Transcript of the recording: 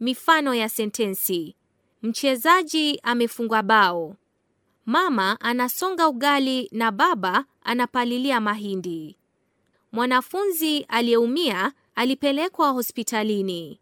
Mifano ya sentensi: mchezaji amefunga bao, mama anasonga ugali na baba anapalilia mahindi. Mwanafunzi aliyeumia alipelekwa hospitalini.